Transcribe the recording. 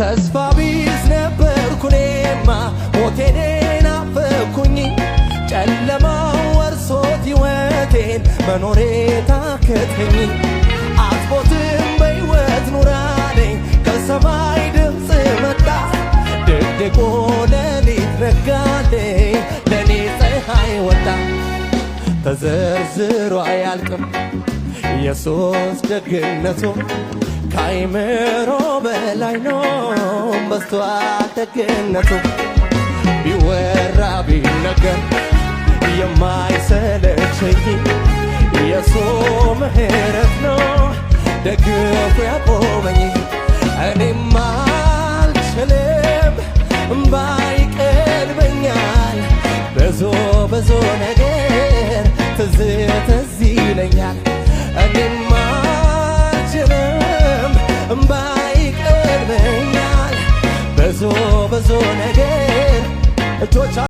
ተስፋ ቢስ ነበርኩ እኔማ ሞቴን ጨለማው ወርሶት ሕይወቴን መኖሬ ታከተኝ አጥቦትም በሕይወት ኑራነኝ ከሰማይ ድምፅ መጣ ድቅድቆ ለሊት ነጋሌ ለእኔ ፀሐይ ወጣ ተዘርዝሮ አያልቅም ኢየሱስ ደግነቱ ከአይምሮ በላይ ነው አሁን በዝቷል ደግነቱ ቢወራ ቢነገር የማይሰለቸኝ የሱ ምሕረት ነው ደግፎ ያቆመኝ። እኔማ አልችልም እምባይ ቀልበኛል ብዙ ብዙ ነገር ትዝ ትዝ ይለኛል እኔማ ብዙ ብዙ ነገር እጆቻ